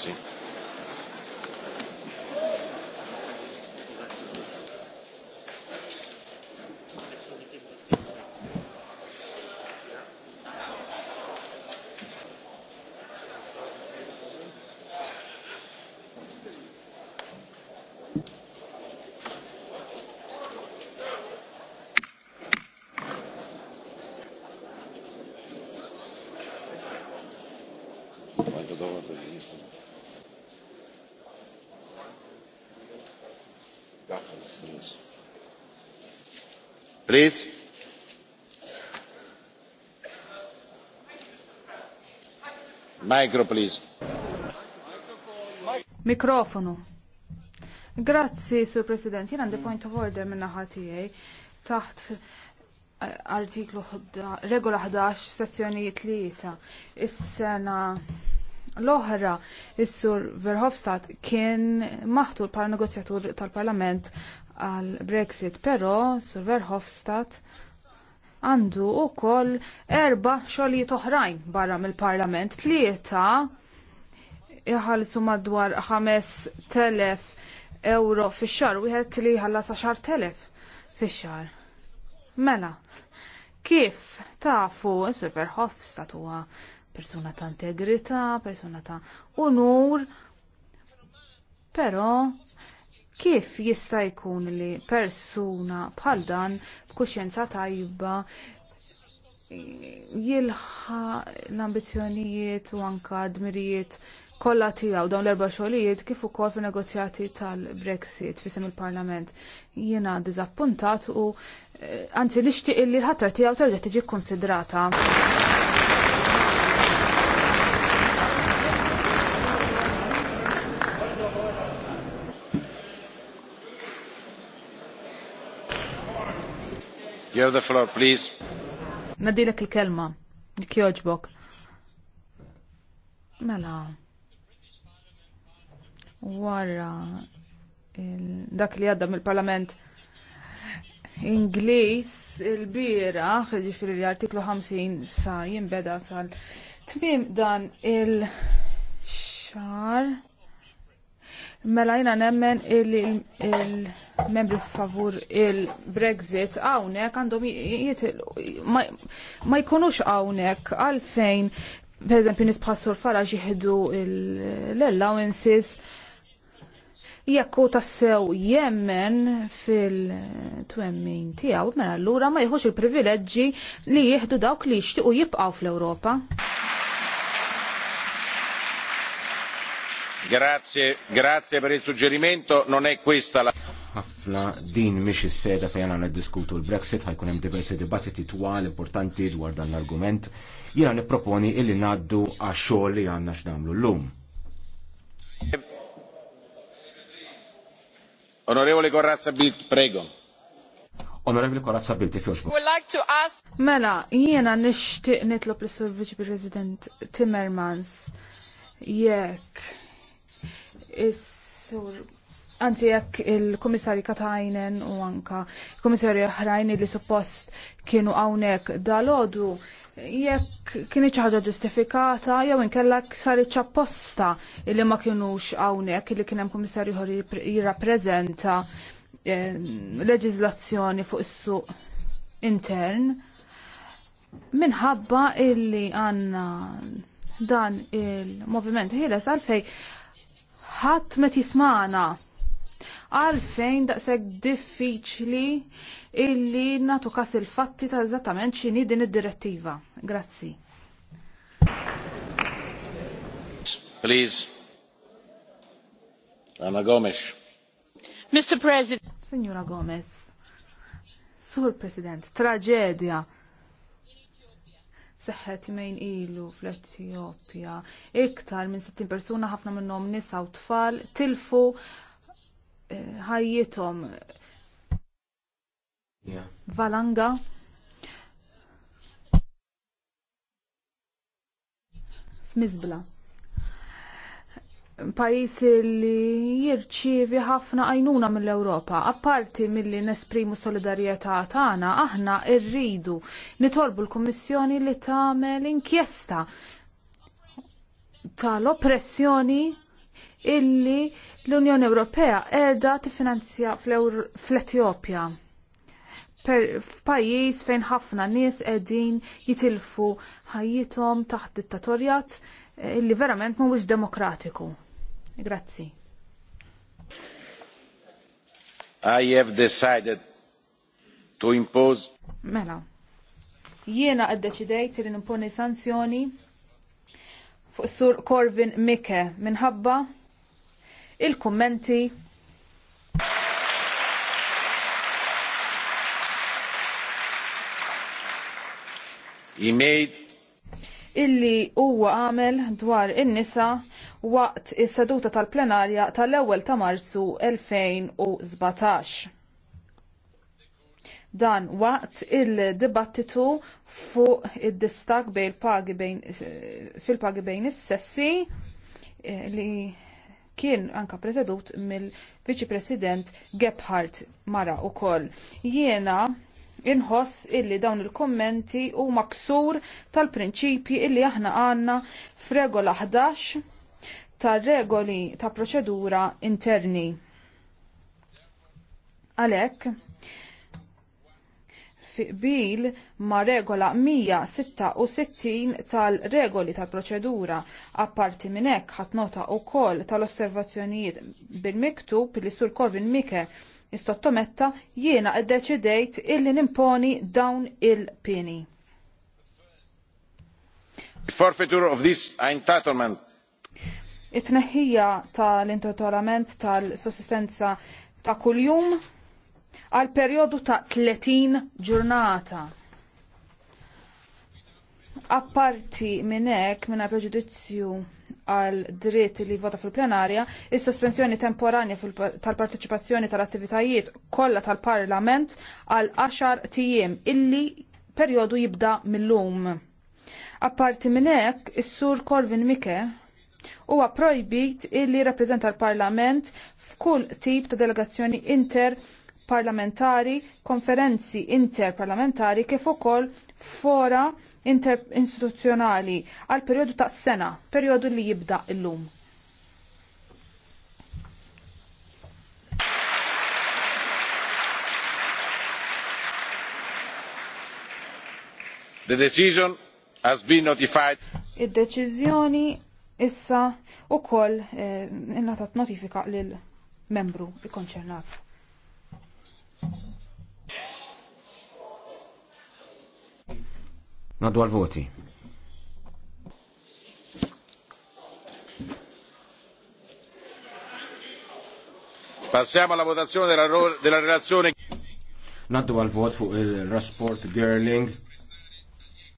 Grazzi. Micro, please. Mikrofonu. Grazzi, Sur President. Jien għandi point of order minna tiegħi. taħt eh, artiklu regola 11 sezzjoni 3 is-sena l-oħra is-sur Verhofstadt kien maħtur bħala negozjatur tal-Parlament għal Brexit, però Sur Verhofstadt għandu wkoll erba' xogħlijiet oħrajn barra mill-Parlament, tlieta jħallsu madwar 5,000 euro fix-xar, wieħed li jħallas 10,000 fix-xar. Mela, kif tafu Sur Verhofstadt huwa persuna ta' integrità, persuna ta' unur, però Kif jista' jkun li persuna bħal dan b'kuxjenza tajba jilħa l-ambizzjonijiet u anka dmirijiet kollha tiegħu dawn l-erba' xogħlijiet kif ukoll fin-negozjati tal-Brexit fisem il-Parlament. Jiena diżappuntat u eh, anzi nixtieq li l-ħatra tiegħu terġa' tiġi kkunsidrata. You the floor, please. Nadilek il-kelma. kjoġbok. Mela. Wara. Dak li għadda mill-parlament Ingliż il-bieraħ, ġifiri li artiklu 50 sa jimbeda sal tmiem dan il-xar. Mela jina nemmen il-, il, il membri favur il-Brexit għawnek għandhom ma jkunux għawnek għalfejn per eżempju nisbħassur fara ġiħdu l-allowances jekku tassew jemmen fil-twemmin tijaw, mela allura ma jħux il-privileġġi li jihdu dawk li u jibqaw fl-Europa. Grazie, grazie per il suggerimento, non è questa la ħafna din mhix is-seda fejn għandna diskutu l-Brexit ħajkun hemm diversi dibattiti twal importanti dwar dan l-argument. Jiena nipproponi illi ngħaddu għax xogħol li għandna x'nagħmlu llum. Onorevoli Corrazza Bilt, prego. Onorevoli Corrazza Bilt, kjoġbu. Would like to ask... Mela, jiena nishtiq nitlob l Vice President Timmermans jekk is-sur Anzi, jekk il komissari Katajnen u anka il-komissarju oħrajn li suppost kienu hawnhekk dalodu, jekk kienet ċaħġa ħaġa ġustifikata jew inkella saret apposta li ma kienux hawnhekk li kien hemm ħor jirrapprezenta jirrappreżenta eh, leġiżlazzjoni fuq is-suq intern minħabba illi għanna dan il-moviment ħieles għalfej ħadd ma tismana għalfejn daqshekk diffiċli illi natu kas il-fatti ta' eżattament x'inhi din id-direttiva. Grazzi. Please. Anna Gomes. Mr. President. Signora Gomez. Sur President, traġedja seħħet jmejn ilu fl-Etjopja. Iktar minn 60 persuna ħafna minnhom nisa u tfal tilfu ħajjithom valanga f'Mizbla. Pajis li jirċievi ħafna għajnuna mill-Ewropa, apparti milli nesprimu solidarjetà tagħna, aħna rridu nitolbu l-Kummissjoni li tagħmel inkjesta tal-oppressjoni illi l-Unjoni Ewropea qiegħda tiffinanzja fl-Etjopja f'pajjiż fejn ħafna nies qegħdin jitilfu ħajjithom taħt dittatorjat eh, illi verament mhuwiex demokratiku. Grazzi. I have decided to impose Mela. Jiena għaddeċidejt li nimponi sanzjoni fuq sur Corvin Mike minħabba il-kummenti. Imejt illi huwa għamel dwar in-nisa waqt is-seduta tal-plenarja tal-ewwel ta' Marzu 2017 dan waqt il-dibattitu fuq id-distak bejn bejn eh, fil-pagi bejn is-sessi eh, li kien anka preżedut mill-Viċi President Gebhardt mara wkoll. Jiena inħoss illi dawn il kummenti huma ksur tal-prinċipji illi aħna għandna f'regola 11 tar-regoli ta' proċedura interni. Għalhekk, fi qbil ma' regola 166 tal-regoli tal-proċedura. Apparti minn hekk ħadd nota wkoll tal-osservazzjonijiet bil-miktub li sur Corvin Mike istottometta jiena ddeċidejt illi nimponi dawn il pini Forfeiture of this entitlement. It-tneħħija tal-intitolament tal-sussistenza ta' kuljum għal perjodu ta' 30 ġurnata. Apparti minn hekk preġudizzju għal dritt li vota fil-plenarja, is-sospensjoni temporanja tal-parteċipazzjoni tal-attivitajiet kollha tal-Parlament għal 10 tiem illi perjodu jibda mill-lum. Apparti minn hekk, is-sur Corvin Mike huwa projbit illi rappreżenta l-Parlament f'kull tip ta' delegazzjoni inter parlamentari, konferenzi interparlamentari kif ukoll fora interinstituzzjonali għal perjodu ta' sena, perjodu li jibda illum. The decision has been notified. Id-deċiżjoni issa ukoll eh, innatat notifika lil membru ikkonċernat. Naddu għal-voti. Passiamo alla votazione della, della relazione. Naddu għal-vot fuq il-rapport Gerling.